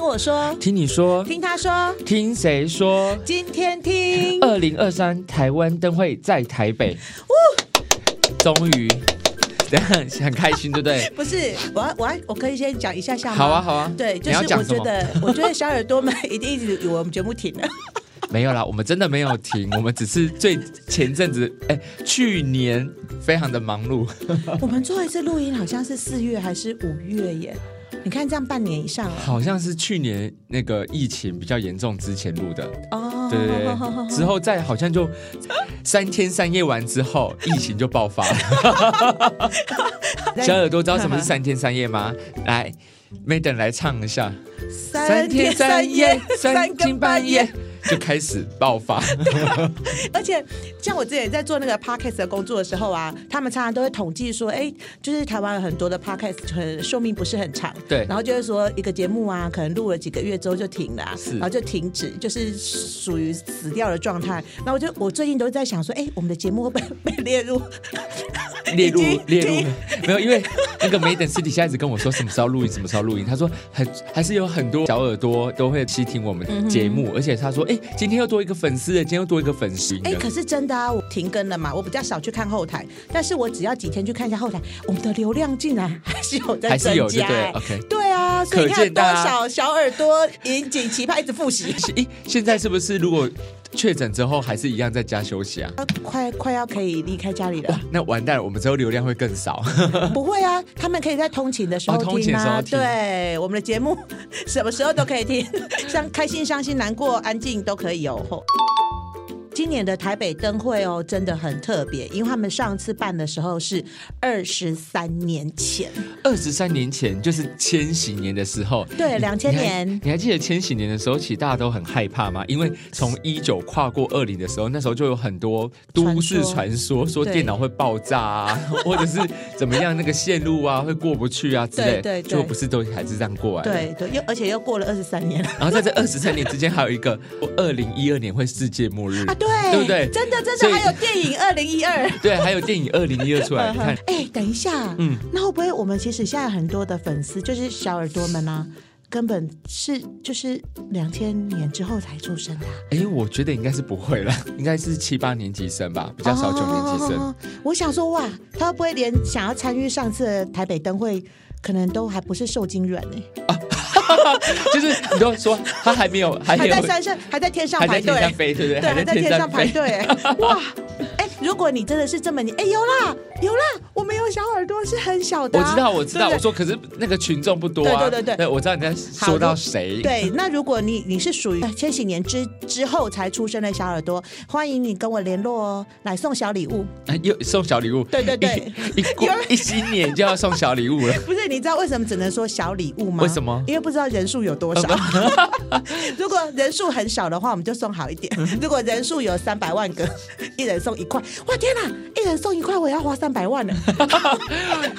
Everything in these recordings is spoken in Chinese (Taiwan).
聽我說，聽你說，聽他說，聽誰說？今天聽二零二三台灣燈會在台北，嗚終於，很 很開心，對不對？ 不是，我、啊、我、啊、我，可以先講一下下嗎？好啊，好啊，好啊。對，就是我覺得，我覺得小耳朵們一定一直以為我們節目停了， 沒有啦，我們真的沒有停，我們只是最前陣子，哎、欸，去年非常的忙碌。 我們做一次錄音好像是四月還是五月耶。你看，這樣半年以上，啊，好像是去年那個疫情比較嚴重之前錄的哦。Oh, 對對對，之後再好像就三天三夜完之後，疫情就爆發了。小 耳朵知道什麼是三天三夜嗎？ 來 Madam 來唱一下。三天三夜，三更半夜。三就開始爆發吧， 而且像我之前在做那個 podcast 的工作的時候啊，他們常常都會統計說，哎、欸，就是台灣有很多的 podcast 很，壽命不是很長，對，然後就是說一個節目啊，可能錄了幾個月之後就停了，啊，是然後就停止，就是屬於死掉的狀態。然後我就我最近都在想說，哎、欸，我們的節目被被列入列入經列入，經列入，沒有， 因為那個 Madam 私底下一直跟我說什麼時候錄音，什麼時候錄音，他說很，還是有很多小耳朵都會去聽我們節目，嗯、哼而且他說。哎、欸，今天又多一個粉絲，今天又多一個粉絲，哎、欸，可是真的啊，我停更了嘛，我比較少去看後台，但是我只要幾天去看一下後台，我們的流量竟然還是有在增加、欸，對，okay、對啊，可見，多少小耳朵引頸期盼一直複習，哎、欸，現在是不是如果？確診之後還是一樣在家休息啊？啊快快要可以離開家裡了。那完蛋了，我們之後流量會更少。 不會啊，他們可以在通勤的時候聽嗎？啊，通勤的時候要聽。對，我們的節目什麼時候都可以聽， 像開心、傷心、難過、安靜都可以有哦。今年的台北燈會哦，真的很特別，因為他們上次辦的時候是二十三年前，二十三年前就是千禧年的時候，對，兩千年你你。你還記得千禧年的時候，其實大家都很害怕嗎？因為從一九跨過二零的時候，那時候就有很多都市傳說，說，嗯、說電腦會爆炸啊， 或者是怎麼樣，那個線路啊會過不去啊之類，對對對，就不是都還是這樣過來的對？對對，又而且又過了二十三年了。然後在這二十三年之間，還有一個二零一二年會世界末日、啊對，對不對？真的，真的，以還有電影《二零一二》。對， 還有電影《二零一二》出來 你看。哎、uh huh. 欸，等一下，嗯，那會不會我們其實現在很多的粉絲，就是小耳朵們呢、啊，根本是就是兩千年之後才出生的、啊？哎、欸，我覺得應該是不會了，應該是七八年級生吧，比較少九年級生。Oh, oh, oh, oh, oh. 我想說，哇，他會不會連想要參與上次的台北燈會，可能都還不是受精卵呢、欸？啊！就是你都說他還沒有，還在山上，還在天上排隊，還在天上飛，對不對？還在天上排隊，哇！哎，如果你真的是這麼你，哎，有啦有啦，我們有小耳朵是很小的，我知道，我知道，我說可是那個群眾不多啊，對對對，我知道你在說到誰，對，那如果你你是屬於千禧年之之後才出生的小耳朵，歡迎你跟我聯絡哦，來送小禮物，哎，又送小禮物，對對對，一一新年就要送小禮物了，不是？你知道為什麼只能說小禮物嗎？為什麼？因為不知道。不知道人數有多少？ 如果人數很少的話，我們就送好一點；如果人數有三百萬個，一人送一塊。哇天哪、啊，一人送一塊，我也要花三百萬呢！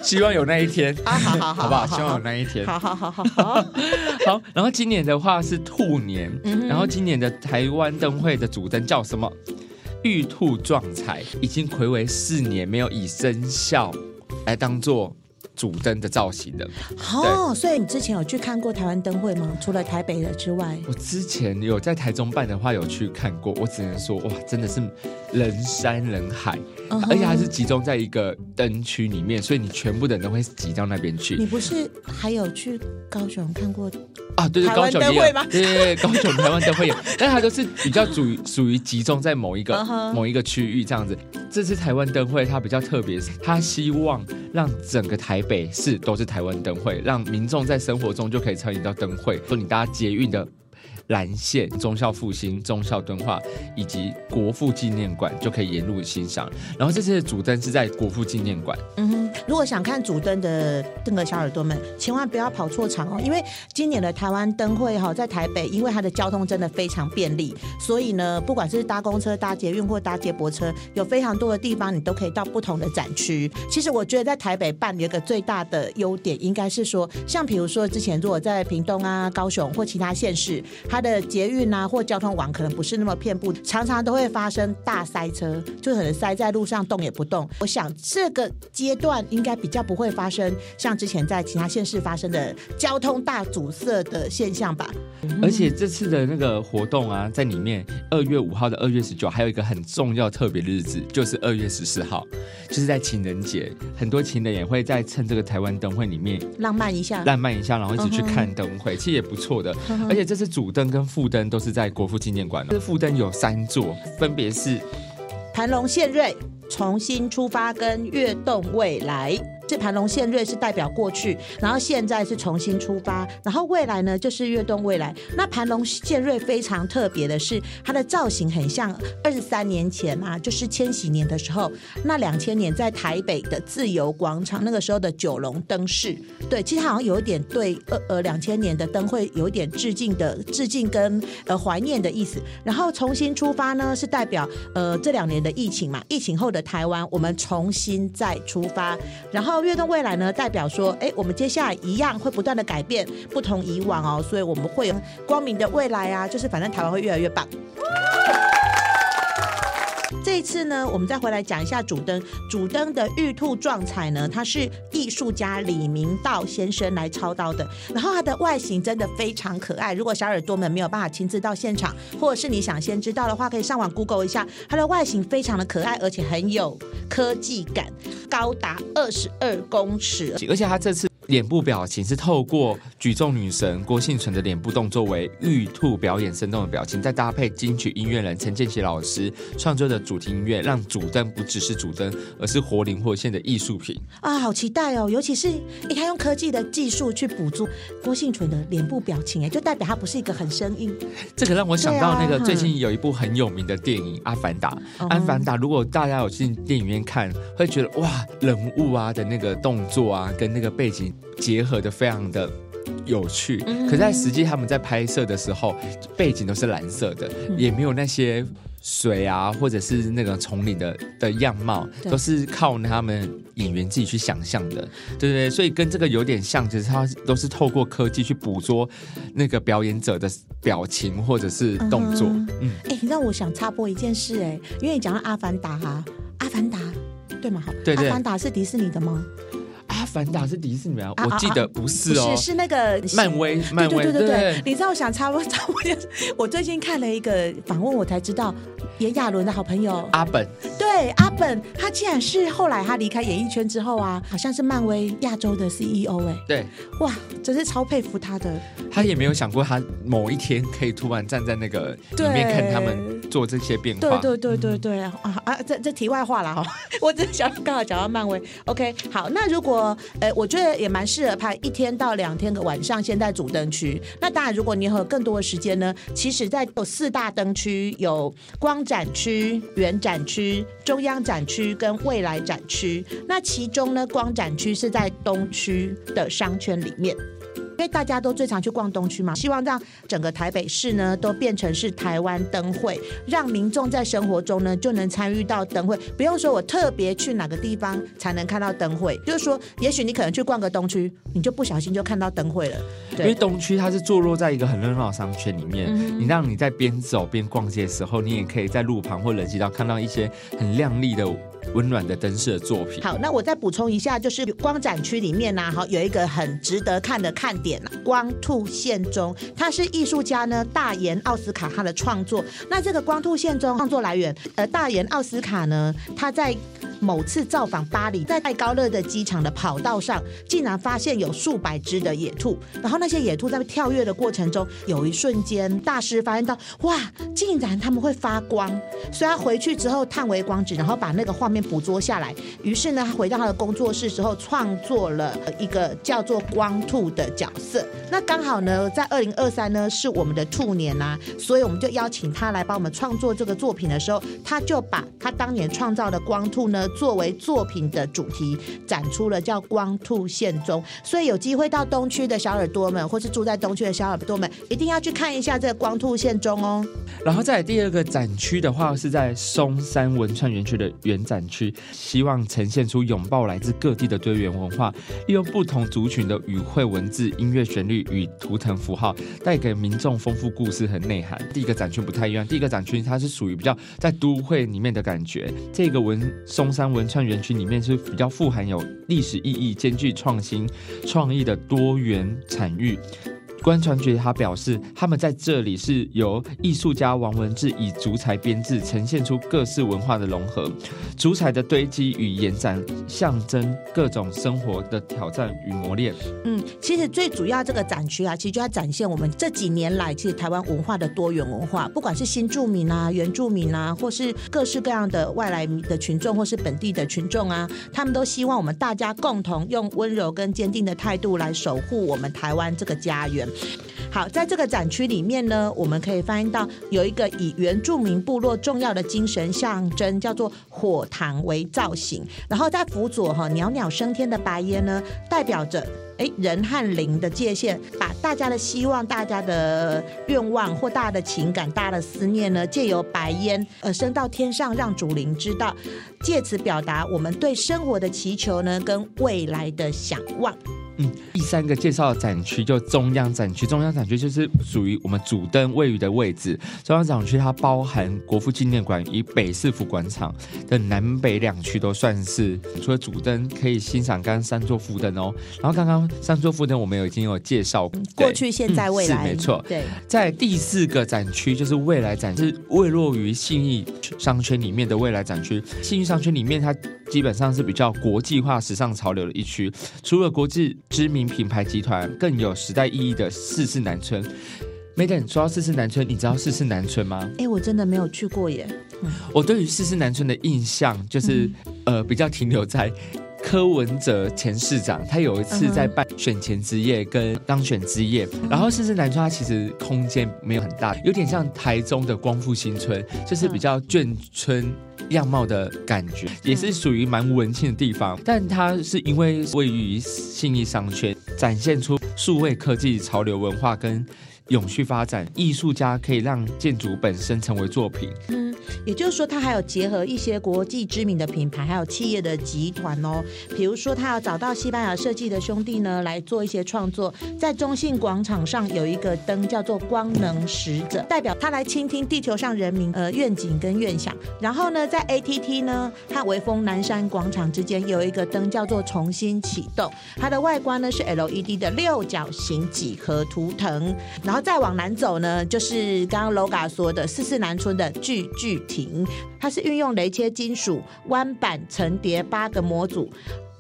希望有那一天啊，好好好，好不好？希望有那一天，啊、好好好好好。 好，然後今年的話是兔年，然後今年的台灣燈會的主燈叫什麼？玉兔壯彩，已經暌違四年，沒有以生肖來當做，主燈的造型的哦，所以你之前有去看過台灣燈會嗎？除了台北的之外，我之前有在台中辦的話有去看過，我只能說哇，真的是人山人海，uh huh. 而且還是集中在一個燈區裡面，所以你全部的人都會擠到那邊去。你不是還有去高雄看過啊？對對，高雄也有，對對對，高雄台灣燈會有， 但它都是比較主屬於集中在某一個、uh huh. 某一個區域這樣子。這次台灣燈會它比較特別，它希望讓整個台北。北市都是台灣燈會，讓民眾在生活中就可以參與到燈會。說你搭捷運的。藍線、忠孝復興、忠孝敦化以及國父紀念館，就可以沿路欣賞。然後這次的主燈是在國父紀念館。嗯，哼，如果想看主燈的那個小耳朵們，千萬不要跑錯場哦、喔。因為今年的台灣燈會哈、喔，在台北，因為它的交通真的非常便利，所以呢，不管是搭公車、搭捷運或搭接駁車，有非常多的地方你都可以到不同的展區。其實我覺得在台北辦有一個最大的優點，應該是說，像比如說之前如果在屏東啊、高雄或其他縣市，它的捷運啊，或交通網可能不是那麼遍佈，常常都會發生大塞車，就可能塞在路上動也不動。我想這個階段應該比較不會發生像之前在其他縣市發生的交通大阻塞的現象吧。而且這次的那個活動啊，在裡面二月五號的二月十九，還有一個很重要特別的日子，就是二月十四號，就是在情人節，很多情人也會在趁這個台灣燈會裡面浪漫一下，浪漫一下，然後一起去看燈會，uh huh. 其實也不錯的。Uh huh. 而且這次主燈。跟副燈都是在國父紀念館。這副燈有三座，分別是盤龍、獻瑞、重新出發跟躍動未來。是盤龍獻瑞是代表過去，然後現在是重新出發，然後未來呢就是躍動未來。那盤龍獻瑞非常特別的是，它的造型很像二十三年前嘛、啊，就是千禧年的時候那兩千年在台北的自由廣場那個時候的九龍燈飾。對，其實好像有一點對呃呃兩千年的燈會有一點致敬的致敬跟呃懷念的意思。然後重新出發呢是代表呃這兩年的疫情嘛，疫情後的台灣我們重新再出發，然後。躍動未來呢，代表說，哎，我們接下來一樣會不斷的改變，不同以往哦，所以我們會有光明的未來啊，就是反正台灣會越來越棒。這次呢，我們再回來講一下主燈。主燈的玉兔壯彩呢，它是藝術家李明道先生來操刀的。然後它的外形真的非常可愛。如果小耳朵們沒有辦法親自到現場，或者是你想先知道的話，可以上網 Google 一下。它的外形非常的可愛，而且很有科技感，高達二十二公尺。而且它這次。臉部表情是透過舉重女神郭婞淳的臉部動作為玉兔表演生動的表情，再搭配金曲音樂人陳建騏老師創作的主題音樂，讓主燈不只是主燈，而是活靈活現的藝術品啊！好期待哦，尤其是你看、哎、用科技的技術去捕捉郭婞淳的臉部表情，哎，就代表他不是一個很生硬。這個讓我想到、啊、那個最近有一部很有名的電影《阿凡達》，阿、嗯、凡達如果大家有進電影院看，會覺得哇，人物啊的那個動作啊，跟那個背景。結合的非常的有趣，嗯、哼可在實際他們在拍攝的時候，背景都是藍色的，嗯、也沒有那些水啊或者是那個叢林的的樣貌，對都是靠他們演員自己去想象的，對不對，所以跟這個有點像，就是他都是透過科技去捕捉那個表演者的表情或者是動作。嗯，哼嗯，哎、欸，你讓我想插播一件事、欸，哎，因為你講到《阿凡達》哈，《阿凡達》對嗎？對對，《阿凡達》是迪士尼的嗎？他反倒是迪士尼啊？啊我記得、啊啊、不是哦，是那個漫威。漫威，對對，對對對，對，你知道我想插播插播？我最近看了一個訪問，我才知道，炎亞綸的好朋友阿、啊、本。對。對，阿本他竟然是後來他離開演藝圈之後啊，好像是漫威亞洲的 CEO 哎，欸，對，哇，真是超佩服他的，他也沒有想過他某一天可以突然站在那個對裡面看他們做這些變化，對對對對對、對、嗯、啊啊，這這題外話了哈，我只是想剛好講到漫威。OK，好，那如果呃，我覺得也蠻適合拍一天到兩天的晚上，先在主燈區。那當然，如果你有更多的時間呢，其實在有四大燈區，有光展區、圓展區。中央展區跟未來展區，那其中呢，光展區是在東區的商圈裡面。因為大家都最常去逛東區嘛，希望讓整個台北市呢都變成是台灣燈會，讓民眾在生活中呢就能參與到燈會，不用說我特別去哪個地方才能看到燈會，就是說，也許你可能去逛個東區，你就不小心就看到燈會了。因為東區它是坐落在一個很熱鬧的商圈裡面，嗯嗯，你讓你在邊走邊逛街的時候，你也可以在路旁或人行道看到一些很亮麗的。溫暖的燈飾作品。好，那我再補充一下，就是光展區裡面呢、啊，好有一個很值得看的看點、啊、光兔現蹤，它是藝術家呢大岩奧斯卡他的創作。那這個光兔現蹤創作來源，呃，大岩奧斯卡呢，他在某次造訪巴黎，在戴高樂的機場的跑道上，竟然發現有數百隻的野兔。然後那些野兔在跳躍的過程中，有一瞬間，大師發現到，哇，竟然他們會發光。所以他回去之後嘆為觀止，然後把那個畫。面捕捉下來，於是呢，他回到他的工作室之後，創作了一個叫做光兔的角色。那剛好呢，在二零二三呢，是我們的兔年啊，所以我們就邀請他來幫我們創作這個作品的時候，他就把他當年創造的光兔呢，作為作品的主題，展出了叫光兔現中。所以有機會到東區的小耳朵們，或是住在東區的小耳朵們，一定要去看一下這個光兔現中哦、喔。然後再來第二個展區的話，是在松山文創園區的原展。區希望呈現出擁抱來自各地的多元文化，利用不同族群的語彙、文字、音樂旋律與圖騰符號，帶給民眾豐富故事和內涵。第一個展區不太一樣，第一個展區它是屬於比較在都會裡面的感覺。這個文松山文創園區裡面是比較富含有歷史意義、兼具創新創意的多元產業。觀傳局他表示，他們在這裡是由藝術家王文志以竹材編製，呈現出各式文化的融合。竹材的堆積與延展，象徵各種生活的挑戰與磨練。嗯，其實最主要這個展區啊，其實就要展現我們這幾年來其實台灣文化的多元文化，不管是新住民啊、原住民啊，或是各式各樣的外來的群眾，或是本地的群眾啊，他們都希望我們大家共同用溫柔跟堅定的態度來守護我們台灣這個家園。好，在這個展區裡面呢，我們可以發現到有一個以原住民部落重要的精神象徵，叫做火塘為造型，然後在輔佐哈裊裊升天的白煙呢，代表着誒人和靈的界限，把大家的希望、大家的願望或大家的情感、大家的思念呢，借由白煙呃升到天上，讓祖靈知道，借此表達我們對生活的祈求呢，跟未來的想望。第三個介紹的展區就中央展區，中央展區就是屬於我們主燈位於的位置。中央展區它包含國父紀念館以北市府廣場的南北兩區，都算是除了主燈可以欣賞，剛剛三座副燈哦，然後剛剛三座副燈我們已經有介紹過去、現在、未來、嗯，是，沒錯。對，在第四個展區就是未來展區，是位落於信義。商圈裡面的未來展區，信義商圈裡面，它基本上是比較國際化、時尚潮流的一區。除了國際知名品牌集團，更有時代意義的四四南村。Madam，你說到四四南村，你知道四四南村嗎？哎，我真的沒有去過耶。我對於四四南村的印象，就是、嗯、呃，比較停留在。柯文哲前市長，他有一次在辦選前之夜跟當選之夜，嗯、哼然後四四南村，他其實空間沒有很大，有點像台中的光復新村，就是比較眷村樣貌的感覺，嗯、也是屬於蠻文青的地方，但它是因為位於信義商圈，展現出數位科技潮流文化跟。永續發展，藝術家可以讓建築本身成為作品。嗯，也就是說，他還有結合一些國際知名的品牌，還有企業的集團哦。比如說，他要找到西班牙設計的兄弟呢，來做一些創作。在中信廣場上有一個燈叫做“光能使者”，代表他來傾聽地球上人民呃願景跟願想。然後呢，在 ATT 呢，和微風南山廣場之間有一個燈叫做“重新啟動”，它的外觀呢是 LED 的六角形幾何圖騰，然後。再往南走呢，就是剛剛 Loga 說的四四南村的聚聚亭，它是運用雷切金屬彎板層疊八個模組，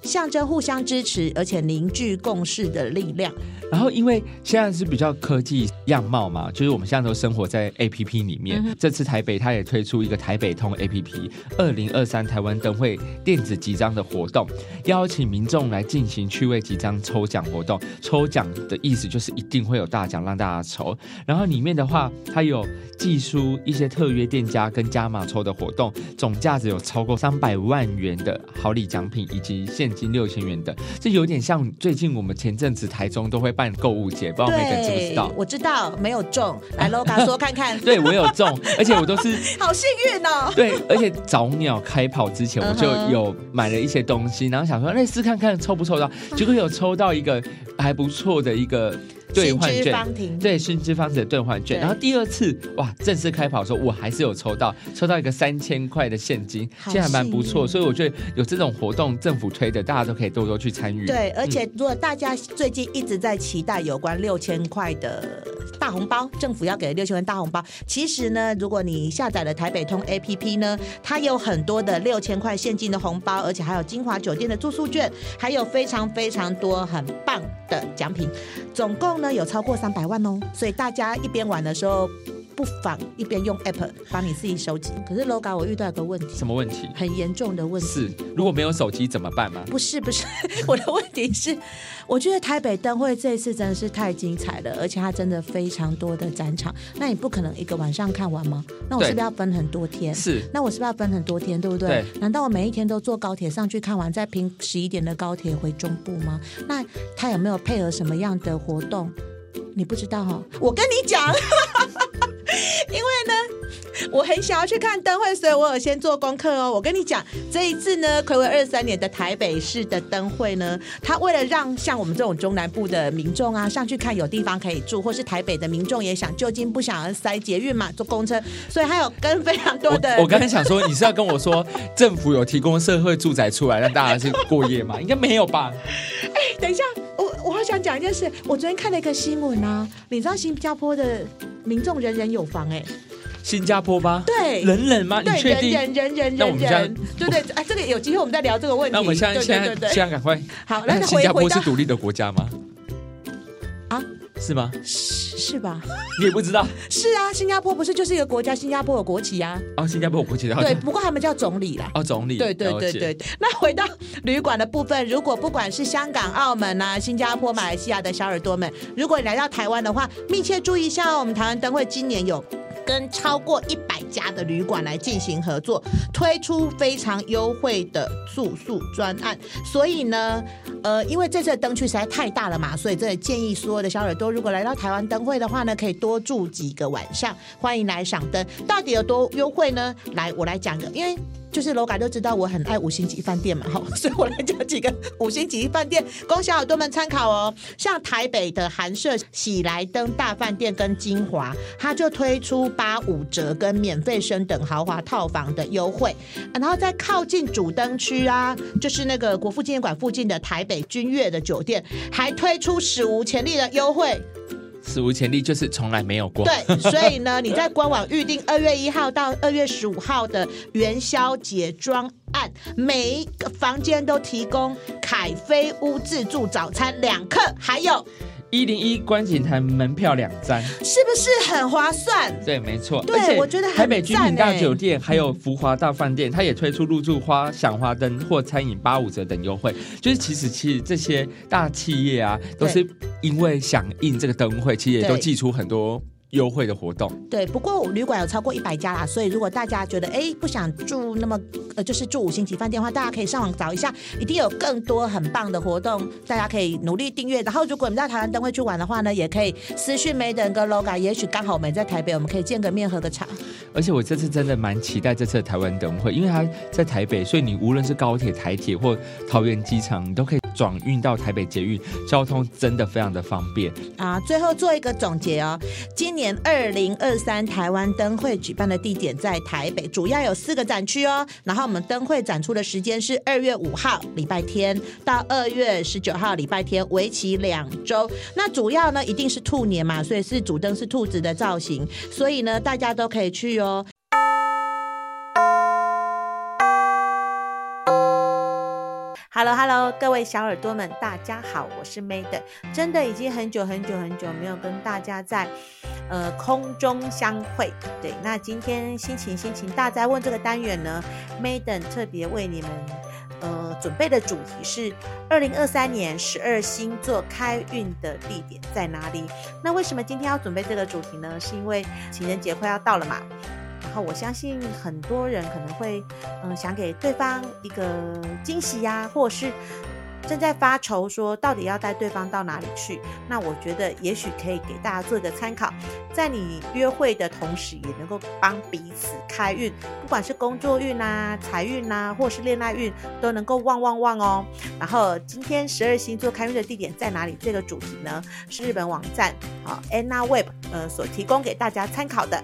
象徵互相支持，而且凝聚共識的力量。然後，因為現在是比較科技樣貌嘛，就是我們現在都生活在 APP 裡面。這次台北，它也推出一個台北通 APP 二零二三台灣燈會電子集章的活動，邀請民眾來進行趣味集章抽獎活動。抽獎的意思就是一定會有大獎讓大家抽。然後裡面的話，它有寄出一些特約店家跟加碼抽的活動，總價值有超過三百萬元的好禮獎品以及現金六千元的。這有點像最近我們前陣子台中都會把。辦購物節，不知道每個人知不知道？我知道沒有中，來 Loga 說看看，啊、呵呵對，我有中，而且我都是好幸運哦。對，而且早鳥開跑之前我就有買了一些東西，uh huh. 然後想說那試，試看看抽不抽到，結果有抽到一個還不錯的一個。對，新知方庭，對，新知方庭的兌換券。對然後第二次哇，正式開跑的時候，我還是有抽到，抽到一個三千塊的現金，其實還蠻不錯。所以我覺得有這種活動，政府推的，大家都可以多多去參與。對，而且如果大家最近一直在期待有關六千塊的大紅包，政府要給六千塊大紅包。其實呢，如果你下載了台北通 APP 呢，它有很多的六千塊現金的紅包，而且還有晶華酒店的住宿券，還有非常非常多很棒的獎品，總共。那有超過三百萬哦，所以大家一邊玩的時候，不妨一邊用 APP 把你自己手機，可是 Loga 我遇到一個問題，什麼問題？很嚴重的問題是，如果沒有手機怎麼辦嗎？不是不是，我的問題是，我覺得台北燈會這一次真的是太精彩了，而且它真的非常多的展場，那你不可能一個晚上看完嗎？那我是不是要分很多天？是，那我是不是要分很多天？對不對？對難道我每一天都坐高鐵上去看完，再拼十一點的高鐵回中部嗎？那他有沒有配合什麼樣的活動？你不知道哈？我跟你講。 因為呢，我很想要去看燈會，所以我有先做功課哦。我跟你講，這一次呢，睽違二三年的台北市的燈會呢，他為了讓像我們這種中南部的民眾啊上去看，有地方可以住，或是台北的民眾也想就近，不想塞捷運嘛，坐公車，所以他有跟非常多的我。我剛才想說，你是要跟我說 政府有提供社會住宅出來讓大家去過夜嗎？應該沒有吧？哎，等一下。我好想講一件事，我昨天看了一個新聞啊，你知道新加坡的民眾人人有房哎、欸？新加坡嗎？對，人人嗎？你確定人人人人人人？對，對對，哎我、啊，這個有機會我們再聊這個問題。那我們現在對對對對對現在現在趕快。好，那回回新加坡是獨立的國家嗎？是嗎是？是吧？ 你也不知道。是啊，新加坡不是就是一個國家？新加坡有國旗啊。啊、哦，新加坡有國旗。好像。對，不過他們叫總理啦。哦，總理。對，對對對對。了解。那回到旅館的部分，如果不管是香港、澳門啊、新加坡、馬來西亞的小耳朵們，如果你來到台灣的話，密切注意一下哦，我們台灣燈會今年有。跟超過一百家的旅館來進行合作，推出非常優惠的住宿專案。所以呢，呃，因為這次的燈區實在太大了嘛，所以真的建議所有的小耳朵，如果來到台灣燈會的話呢，可以多住幾個晚上，歡迎來賞燈。到底有多優惠呢？來，我來講個因為。就是樂高都知道我很愛五星級飯店嘛，吼，所以我來講幾個五星級飯店供小耳朵們參考哦。像台北的寒舍喜來登大飯店跟金華，它就推出八五折跟免費升等豪華套房的優惠。然後在靠近主燈區啊，就是那個國父紀念館附近的台北君悅的酒店，還推出史無前例的優惠。史無前例，就是從來沒有過。對，所以呢，你在官網預定二月一號到二月十五號的元宵節專案，每一個房間都提供凱菲屋自助早餐兩客，還有。一零一觀景台門票兩張，是不是很划算？對，沒錯。對而且 我覺得很台北君品大酒店還有福華大飯店，它也推出入住花賞花燈或餐飲八五折等優惠。就是其實其實這些大企業啊，都是因為響應這個燈會，其實也都寄出很多。優惠的活動，對，不過旅館有超過一百家啦，所以如果大家覺得哎、欸、不想住那麼呃就是住五星級飯店的話，大家可以上網找一下，一定有更多很棒的活動，大家可以努力訂閱。然後，如果我們到台灣燈會去玩的話呢，也可以私訊 Madam 跟 Loga，也許剛好我們在台北，我們可以見個面喝個茶。而且我這次真的蠻期待這次的台灣燈會，因為他在台北，所以你無論是高鐵、台鐵或桃園機場，你都可以轉運到台北捷運，交通真的非常的方便啊。最後做一個總結哦、喔，今年。年二零二三台灣燈會舉辦的地點在台北，主要有四個展區哦。然後我們燈會展出的時間是二月五號禮拜天到二月十九號禮拜天，為期兩周。那主要呢一定是兔年嘛，所以是主燈是兔子的造型，所以呢大家都可以去哦。Hello，Hello，hello, 各位小耳朵們，大家好，我是 Madam，真的已經很久很久很久沒有跟大家在呃空中相會。對，那今天心情星情大哉問這個單元呢，Madam 特別為你們呃準備的主題是二零二三年十二星座開運的地點在哪裡？那為什麼今天要準備這個主題呢？是因為情人節快要到了嘛？然後我相信很多人可能會，嗯，想給對方一個驚喜呀、啊，或者是正在發愁說到底要帶對方到哪裡去？那我覺得也許可以給大家做一個參考，在你約會的同時也能夠幫彼此開運，不管是工作運呐、啊、財運呐、啊，或者是戀愛運都能夠旺旺旺哦。然後今天十二星座開運的地點在哪裡？這個主題呢是日本網站啊 Anna Web 呃所提供給大家參考的。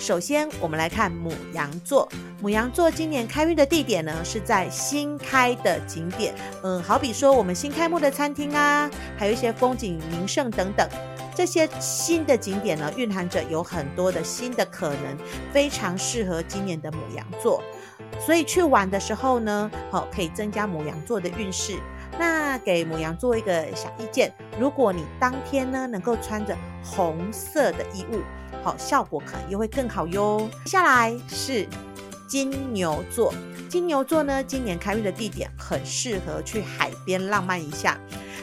首先，我們來看牡羊座。牡羊座今年開運的地點呢，是在新開的景點。嗯，好比說我們新開幕的餐廳啊，還有一些風景名勝等等。這些新的景點呢，蘊含着有很多的新的可能，非常適合今年的牡羊座。所以去玩的時候呢，好、哦、可以增加牡羊座的運勢。那給牡羊座一個小意見：如果你當天呢能夠穿着紅色的衣物，好、哦、效果可能又會更好喲。接下來是金牛座，金牛座呢今年開運的地點很適合去海邊浪漫一下。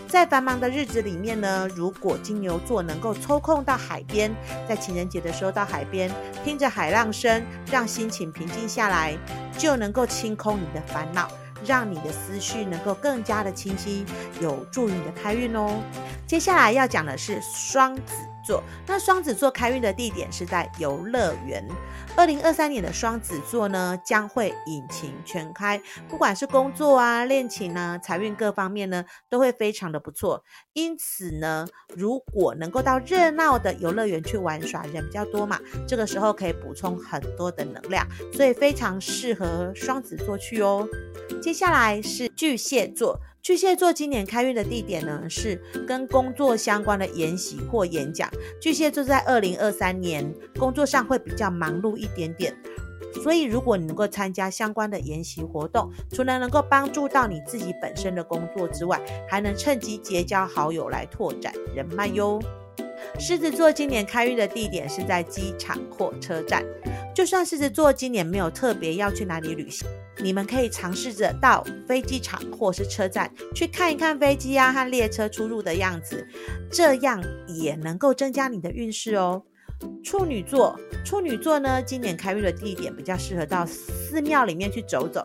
在繁忙的日子裡面呢，如果金牛座能夠抽空到海邊，在情人節的時候到海邊，聽着海浪聲，讓心情平靜下來。就能夠清空你的煩惱，讓你的思緒能夠更加的清晰，有助於你的開運哦。接下來要講的是雙子。那雙子座開運的地點是在遊樂園。二零二三年的雙子座呢，將會引擎全開，不管是工作啊、戀情啊、財運各方面呢，都會非常的不錯。因此呢，如果能夠到熱鬧的遊樂園去玩耍，人比較多嘛，這個時候可以補充很多的能量，所以非常適合雙子座去哦。接下來是巨蟹座。巨蟹座今年開運的地點呢，是跟工作相關的研習或演講。巨蟹座在二零二三年工作上會比較忙碌一點點，所以如果你能夠參加相關的研習活動，除了能夠幫助到你自己本身的工作之外，還能趁機結交好友來拓展人脈喲。獅子座今年開運的地點是在機場或車站。就算獅子座今年沒有特別要去哪裡旅行，你們可以嘗試着到飛機場或是車站去看一看飛機啊和列車出入的樣子，這樣也能夠增加你的運勢哦。處女座，處女座呢，今年開運的地點比較適合到。寺廟裡面去走走，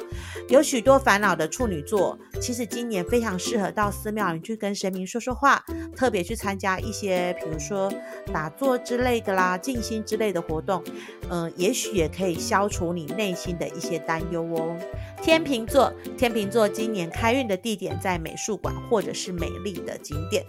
有許多煩惱的處女座，其實今年非常適合到寺廟裡去跟神明說說話，特別去參加一些，比如說打坐之類的啦，靜心之類的活動，嗯、呃，也許也可以消除你內心的一些擔憂哦。天秤座，天秤座今年開運的地點在美術館或者是美麗的景點。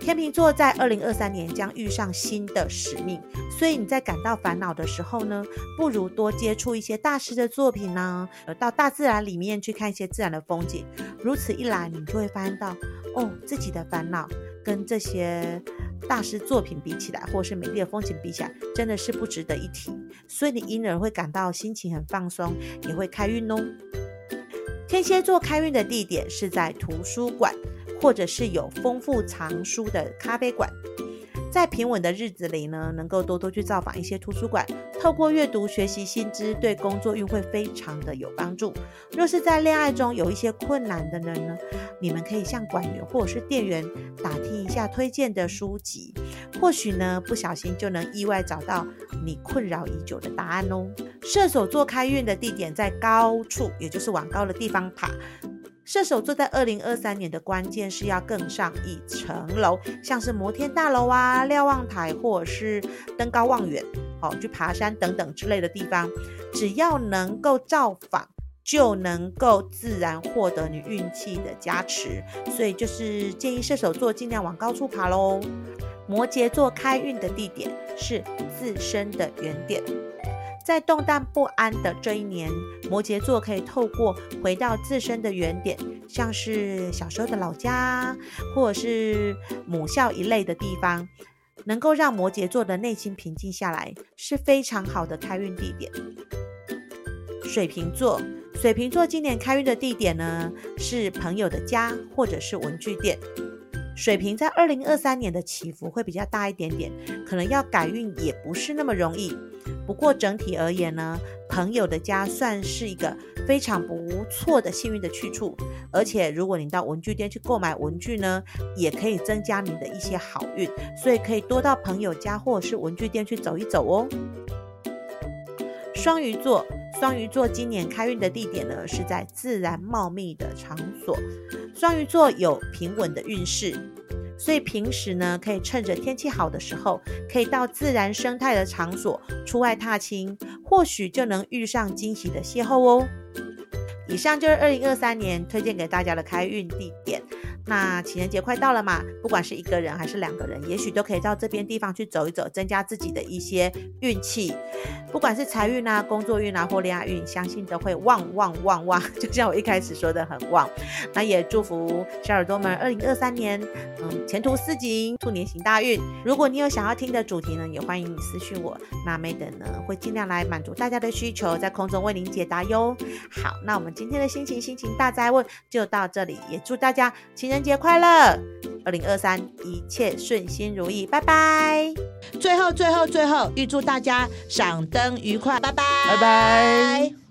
天秤座在二零二三年將遇上新的使命，所以你在感到煩惱的時候呢，不如多接觸一些大師的作品呢、啊，到大自然裡面去看一些自然的風景。如此一來，你就會發現到，哦，自己的煩惱跟這些大師作品比起來，或是美麗的風景比起來，真的是不值得一提。所以你因而會感到心情很放鬆，也會開運哦。天蠍座開運的地點是在圖書館。或者是有豐富藏書的咖啡館，在平穩的日子裡呢，能夠多多去造訪一些圖書館，透過閱讀學習新知，對工作運會非常的有幫助。若是在戀愛中有一些困難的人呢，你們可以向館員或者是店員打聽一下推薦的書籍，或許呢，不小心就能意外找到你困擾已久的答案哦。射手座開運的地點在高處，也就是往高的地方爬。射手座在二零二三年的關鍵是要更上一層樓，像是摩天大樓啊、瞭望台，或者是登高望遠，哦，去爬山等等之類的地方，只要能夠造訪，就能夠自然獲得你運氣的加持。所以就是建議射手座儘量往高處爬嘍。摩羯座開運的地點是自身的原點。在動盪不安的這一年，摩羯座可以透過回到自身的原點，像是小時候的老家或者是母校一類的地方，能夠讓摩羯座的內心平靜下來，是非常好的開運地點。水瓶座，水瓶座今年開運的地點呢，是朋友的家或者是文具店。水瓶在二零二三年的起伏會比較大一點點，可能要改運也不是那麼容易。不過整體而言呢，朋友的家算是一個非常不錯的幸運的去處。而且，如果你到文具店去購買文具呢，也可以增加你的一些好運。所以，可以多到朋友家或是文具店去走一走哦。雙魚座，雙魚座今年開運的地點呢，是在自然茂密的場所。雙魚座有平穩的運勢。所以平時呢，可以趁着天氣好的時候，可以到自然生態的場所出外踏青，或許就能遇上驚喜的邂逅哦。以上就是二零二三年推薦給大家的開運地點。那情人節快到了嘛，不管是一個人還是兩個人，也許都可以到這邊地方去走一走，增加自己的一些運氣。不管是財運啊、工作運啊、或戀愛運，相信都會旺旺旺旺，就像我一開始說的很旺。那也祝福小耳朵們二零二三年，嗯，前途似錦，兔年行大運。如果你有想要聽的主題呢，也歡迎你私信我。那 Madam 呢，會盡量來滿足大家的需求，在空中為您解答喲。好，那我們。今天的心情，心情大哉問就到這裡，也祝大家情人節快樂，二零二三一切順心如意，拜拜。最後，最後，最後，預祝大家賞燈愉快，拜拜，拜拜。拜拜